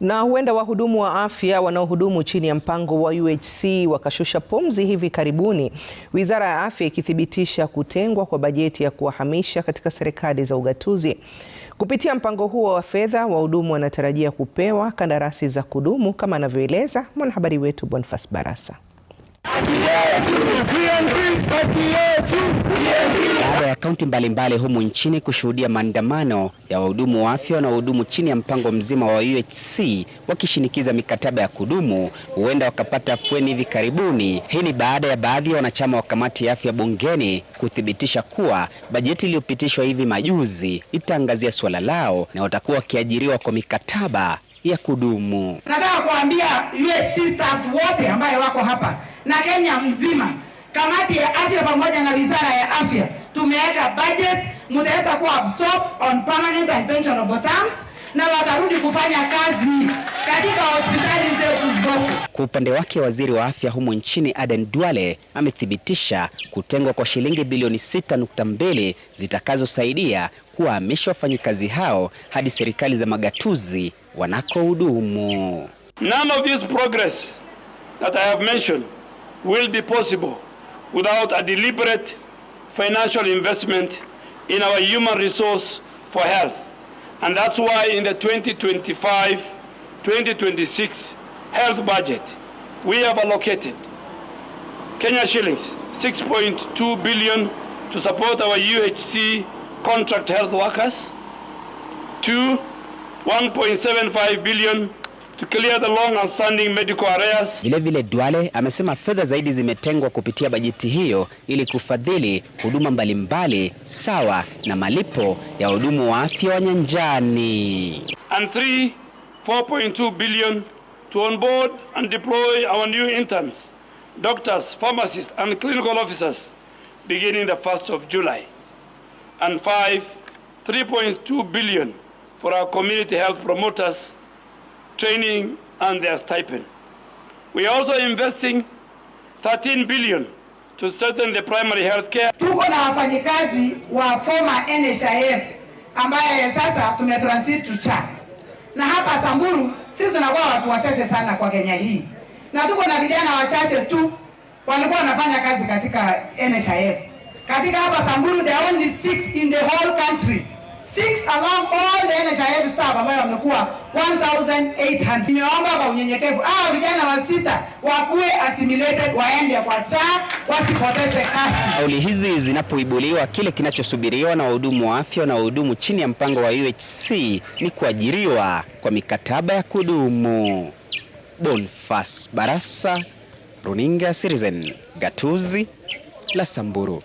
Na huenda wahudumu wa afya wanaohudumu chini ya mpango wa UHC wakashusha pumzi hivi karibuni, Wizara ya Afya ikithibitisha kutengwa kwa bajeti ya kuwahamisha katika serikali za ugatuzi. Kupitia mpango huo wa fedha, wahudumu wanatarajia kupewa kandarasi za kudumu kama anavyoeleza mwanahabari wetu bonifas Barasa baada ya kaunti mbalimbali humu nchini kushuhudia maandamano ya wahudumu wa afya na wahudumu chini ya mpango mzima wa UHC wakishinikiza mikataba ya kudumu, huenda wakapata afueni hivi karibuni. Hii ni baada ya baadhi ya wanachama wa kamati ya afya bungeni kuthibitisha kuwa bajeti iliyopitishwa hivi majuzi itaangazia suala lao na watakuwa wakiajiriwa kwa mikataba ya kudumu. Nataka kuambia yule sisters wote ambaye wako hapa na Kenya mzima, kamati ya afya pamoja na wizara ya afya tumeweka budget, mtaweza kuwa absorb on permanent and pensionable terms, na watarudi kufanya kazi katika hospitali. Kwa upande wake waziri wa afya humo nchini Aden Duale amethibitisha kutengwa kwa shilingi bilioni 6.2 zitakazosaidia kuwahamisha wafanyikazi hao hadi serikali za magatuzi wanakohudumu. None of this progress that I have mentioned will be possible without a deliberate financial investment in our human resource for health. And that's why in the 2025 2026 health budget, we have allocated Kenya shillings 6.2 billion to support our UHC contract health workers. Two, 1.75 billion to clear the long and standing medical arrears. Vile vile Duale amesema fedha zaidi zimetengwa kupitia bajeti hiyo ili kufadhili huduma mbalimbali sawa na malipo ya hudumu wa afya wa nyanjani. And three, 4.2 billion to onboard and deploy our new interns, doctors, pharmacists, and clinical officers beginning the 1st of July. And five, 3.2 billion for our community health promoters, training, and their stipend. We are also investing 13 billion to strengthen the primary health care. Tuko na wafanyikazi wa former NHIF ambaye sasa tumetransit to CHA. Na hapa Samburu sisi tunakuwa watu wachache sana kwa Kenya hii, na tuko na vijana wachache tu walikuwa wanafanya kazi katika NHIF. Katika hapa Samburu, there are only six in the whole six along all the NHIF staff ambayo wamekuwa 1800. Nimeomba kwa unyenyekevu hawa vijana wa sita wakuwe assimilated, waende kwa cha wasipoteze kasi. Kauli hizi zinapoibuliwa, kile kinachosubiriwa na wahudumu wa afya na wahudumu chini ya mpango wa UHC ni kuajiriwa kwa mikataba ya kudumu. Bonfas Barasa, Runinga Citizen, Gatuzi la Samburu.